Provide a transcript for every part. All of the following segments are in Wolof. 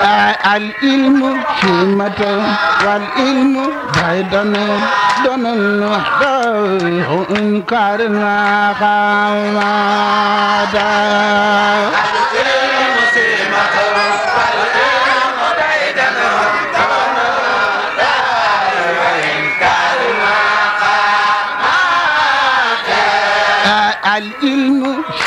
العلم حمة والعلم بعدنا دون الوحدة إنكار ما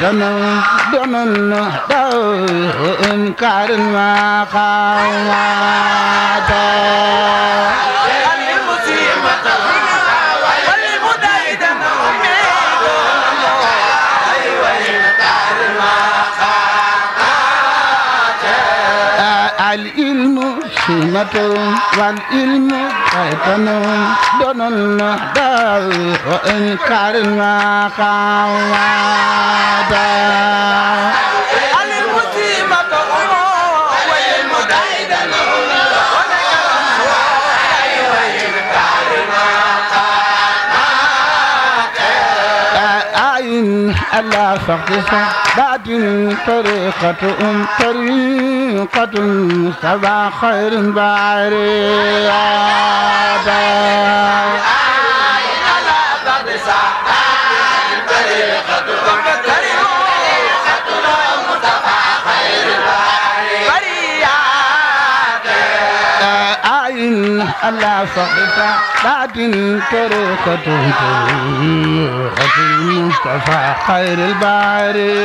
جنم دونن دو انكار ما قامت العلم سمة والعلم أيتن دون النهدل وإنكار المقام ألا فقس بعد طريقتهم طريقة سبع خير بعريا ألا سقط بعد طرقة طرقة المصطفى خير الباري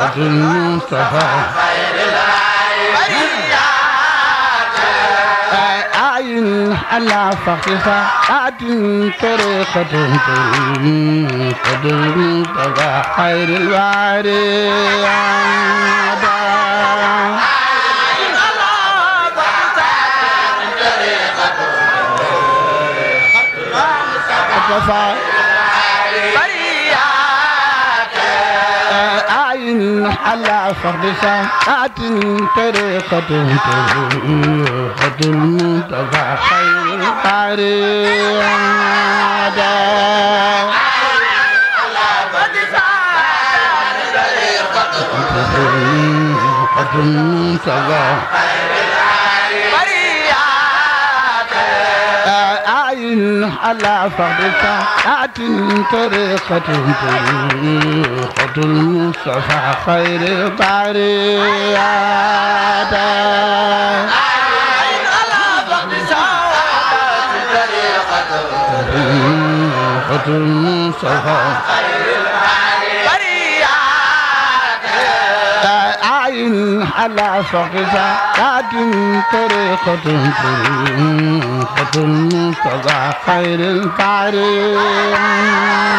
المصطفى خير العالم على فخرها أعد طريقة قدر خير الواري على فرد ساعة طريقة طريقة المنتفى خير القريب قد انتظر على فقد ساعة طريقة طريقة المصطفى خير باريات المصطفى خير على فقزا قاد طريقة طريقة المنتظى خير البارين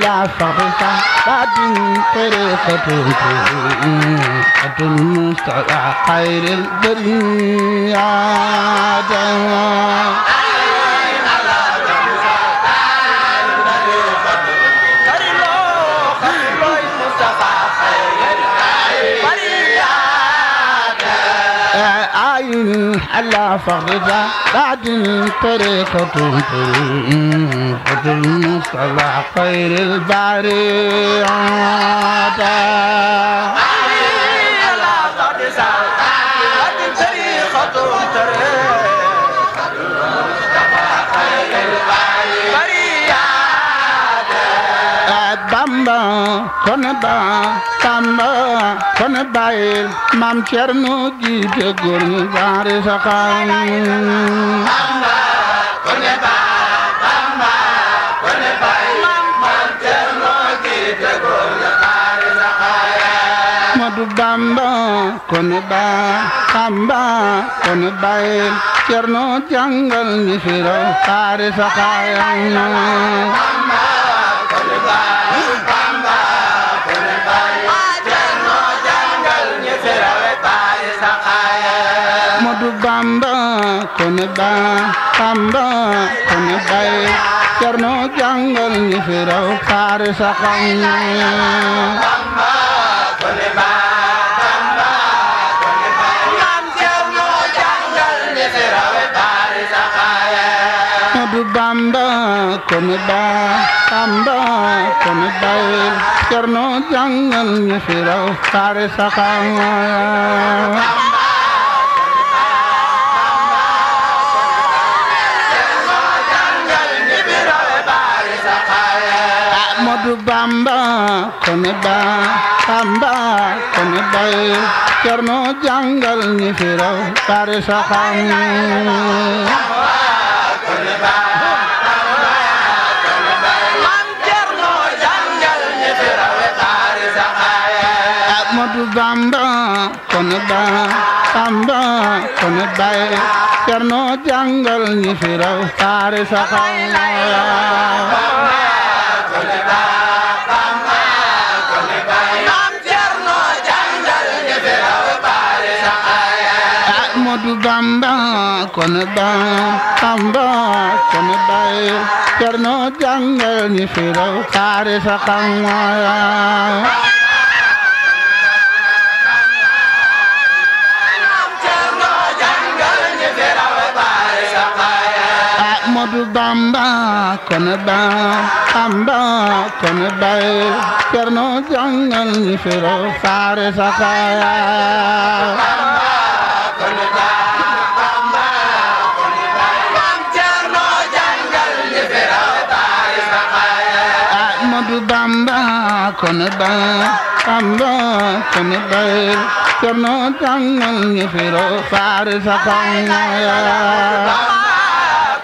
la فرحة قد طريقة المستعى خير البريات على فخرها بعد طريقة طريقة المصطفى خير البرية kone ba Samba kone bayil maam Cerno jiite góor ñu baari saxaam Samba kone ba Samba kone bayil maam Cerno jiite góor ñu baari saxaam Madu Bamba kone ba Samba kone bayil Cerno jàngal ñu fi raw baari saxaam ne daa Tamba ku ne bay Cerno jàngal ñi fi raw saari sa xam Tamba ku ne bay Bamba kone ba Bamba kone bay Cerno jàngal ñi fi raw saari sa xam bamba kone ba bamba kone bay cerno jàngal ñi fi raw bari sa xam Ahmadu Bamba kone ba bamba kone bay cerno jàngal ñi fi raw bari sa xam Ahmadu Bamba kon Bamba Bamba kon bay Cerno jàngal ñi fi raw xaare sa xam bamba kon bay bamba kon bay cerno jàngal ñi firo faare saxaaya kon ah, bay bamba kon bay cerno jàngal ñi firo faare saxaaya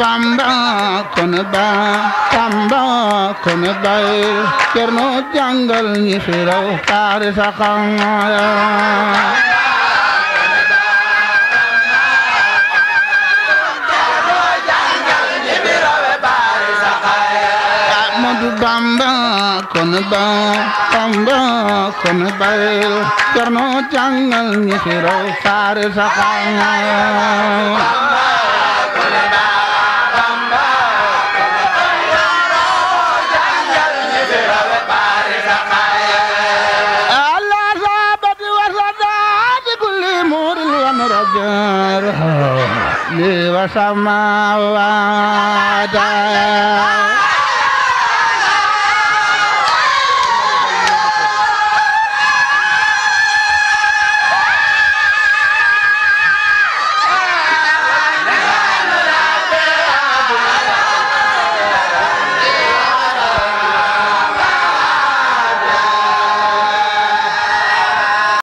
Bamba kon ñi fi raw taari sa xam Bamba kon ba Bamba kon bayil Cerno jàngal ñi fi raw taari وسماوات